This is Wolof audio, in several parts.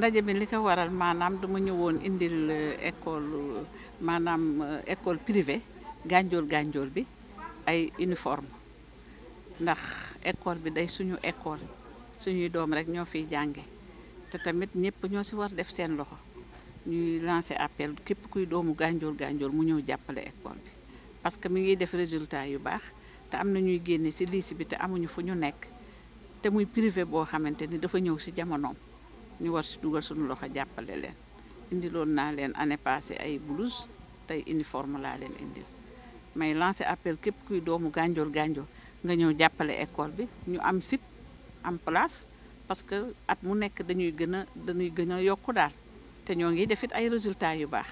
ndaje bi li ko waral maanaam dama ñëwoon indil euh, école euh, maanaam euh, école privée gànjool gànjool bi ay uniforme ndax école bi day suñu école suñuy doom rek ñoo fiy jànge te tamit ñëpp ñoo si war def seen loxo ñuy lancer appel képp kuy doomu gànjool gànjool mu ñëw jàppale école bi parce que mi ngi def résultat yu baax te am na ñuy génne ci lycée bi te amuñu fu ñu nekk te muy privé boo xamante ni dafa ñëw si jamonoom ñu war ci dugal suñu loxo jàppale leen indiloon naa leen année passée ay blouse tey uniforme laa leen indil may lancer appel képp kuy doomu gànjool gànjool nga ñëw jàppale école bi ñu am site am place parce que at mu nekk dañuy gën a dañuy gën yokku daal te ñoo ngi defit ay résultats yu baax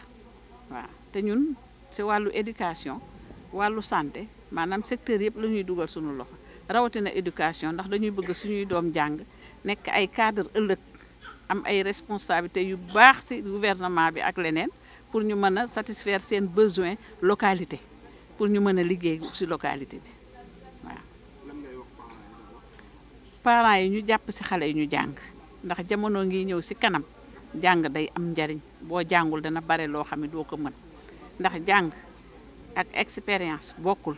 waaw te ñun si wàllu éducation wàllu santé maanaam secteur yëpp la ñuy dugal suñu loxo rawatina éducation ndax dañuy bëgg suñuy doom jàng nekk ay cadre ëllëg am ay responsabilités yu baax ci gouvernement bi ak leneen pour ñu mën a satisfaire seen besoin localité pour ñu mën a liggéey ci localité bi waaw. parents yi ñu jàpp ci xale yi ñu jàng ndax jamono ngi ñëw ci kanam jàng day am njariñ boo jàngul dana bare loo xam ne doo ko mën ndax jàng ak expérience bokkul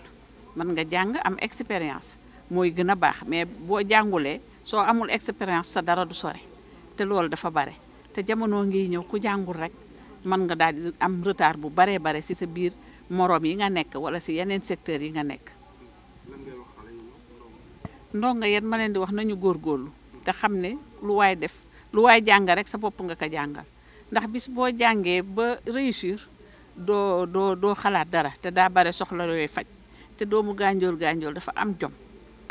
mën nga jàng am expérience mooy gën a baax mais boo jàngulee soo amul expérience sa dara du sore. te loolu dafa bare te jamono ngi ñëw ku jàngul rek mën nga daal di am retard bu baree bare si sa biir moroom yi nga nekk wala si yeneen secteur yi nga nekk. ndongo yéen ma leen di wax nañu góor góorlu te xam ne lu waay def lu waay jàng rek sa bopp nga ko jàngal ndax bis boo jàngee ba réussir doo doo doo xalaat dara te daa bare soxla yooyu faj te doomu gànjool gànjool dafa am jom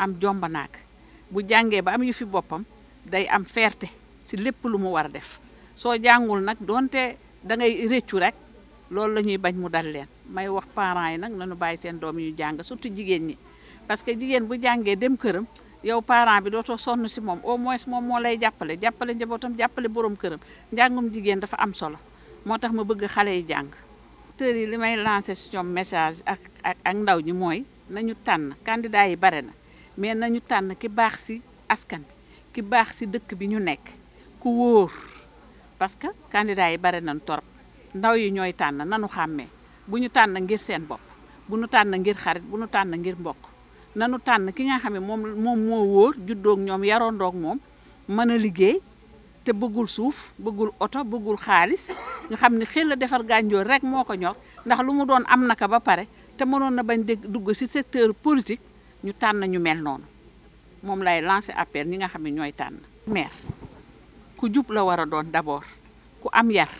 am jomba naak bu jàngee ba am yu fi boppam day am fierté Sili lépp lu mu war def soo jàngul nag donte da ngay réccu rek loolu la ñuy bañ mu dal leen may wax parents yi nag nañu bàyyi seen doom yu jàng surtout jigéen ñi parce que jigéen bu jàngee dem këram yow parent bi dootoo sonn si moom au moins moom moo lay jàppale jàppale njabootam jàppale borom këram njàngum jigéen dafa am solo moo tax ma bëgg xale yi jàng tër yi li may lancé si ñoom message ak ak ak ndaw ñi mooy nañu tànn candidat yi bare na mais nañu tànn ki baax si askan bi ki baax si dëkk bi ñu nekk ku wóor parce que candidat yi bare nañ torop ndaw yi ñooy tànn nanu xàmmee bu ñu tànn ngir seen bopp bu ñu tànn ngir xarit bu ñu tànn ngir mbokk nu tànn ki nga xam ne moom moom moo wóor juddook ñoom yarondoog moom mën a liggéey te bëggul suuf bëggul oto bëggul xaalis nga xam ne xel la defar gànjoor rek moo ko ñor ndax lu mu doon am na ko ba pare te mënoon na bañ dégg dugg ci secteur politique ñu tànn ñu mel noonu moom lay lancé appel ñi nga xam ne ñooy tànn maire ku jub la war a doon d'abord ku am yar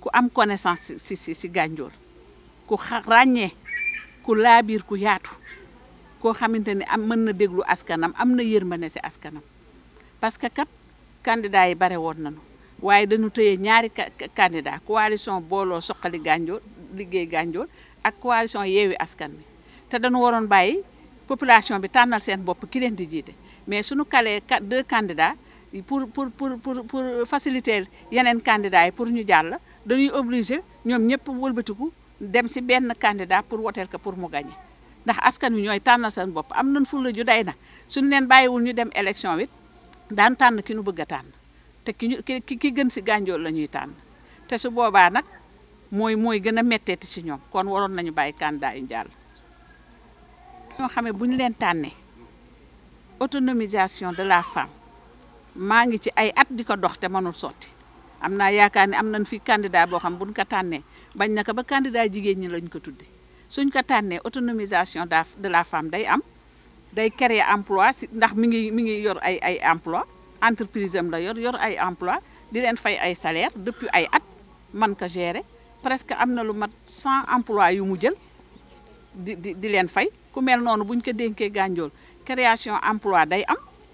ku am connaissance si si si gànjool ku ràññee ku laabiir ku yaatu koo xamante ni am mën na déglu askanam am na yërmande si askanam parce que kat candidat yi bare woon nañu waaye danu tëye ñaari candidat coalition booloo soqali gànjool liggéey gànjool ak coalition yeewi askan bi te dañu waroon bàyyi population bi tànnal seen bopp ki leen di jiite mais suñu kalee deux pour pour pour pour pour faciliter yeneen candidats yi pour ñu jàll dañuy obligé ñoom ñëpp wëlbatiku dem si benn kandidaa pour woteel ko pour mu gagné ndax askan wi ñooy tànnal seen bopp am nañ fulla ju day na suñu leen bàyyiwul ñu dem élection wit daan tànn ki ñu bëgg a tànn te ki ñu ki ki gën si gànjool la ñuy tànn te su boobaa nag mooy mooy gën a métteeti si ñoom kon waroon nañu bàyyi candidat yu jàll. ñoo xam ne bu ñu leen tànnee autonomisation de la femme. maa ngi ci ay at di ko dox te mënul sotti am naa yaakaar ne am nañ fii candidat boo xam bun ko tànnee bañ na ko ba candidat jigéen ñi lañ ko tuddee suñ ko tànnee autonomisation de la femme day am day créer emploi si ndax mi ngi mi ngi yor ay ay emploi entreprise am la yor yor ay emploi di leen fay ay salaire depuis ay at man ko gérer presque am na lu mat cent emploi yu mu jël di di di leen fay ku mel noonu buñ ko dénkee gànjool création emploi day am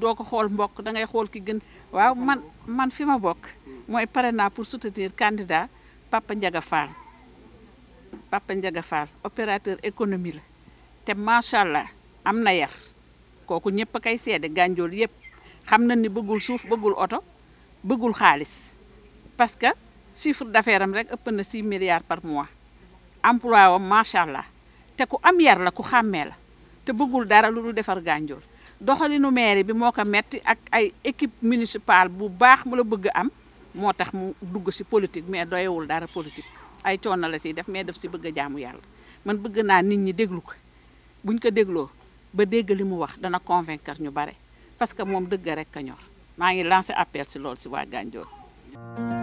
dua ko xool mbokk da ngay xol ki gën waaw man man fi ma bokk mooy pare naa pour soutenir candidat Papa Ndiaga Fall Papa Ndiaga Fall opérateur économie la te macha amna yar koku ñepp kay sédé ganjol yépp xamna ni bëggul suuf bëggul auto bëggul xaaliss parce que chiffre d'affaires am rek ëpp na 6 milliards par mois emploi wa machallah té ku am yar la ku xamé la te bëggul dara lu defar ganjol doxalinu mairie bi moo ko metti ak ay équipe municipale bu baax mu la bëgg am moo tax mu dugg ci politique mais doyawul dara politique ay coono la ciy def mais daf ci bëgg a jaamu yàlla man bëgg naa nit ñi déglu ko bu ñu ko dégloo ba dégg li mu wax dana convaincre ñu bare parce que moom dëgg rek ka ñor maa ngi lancé appel ci loolu si waa Gandiol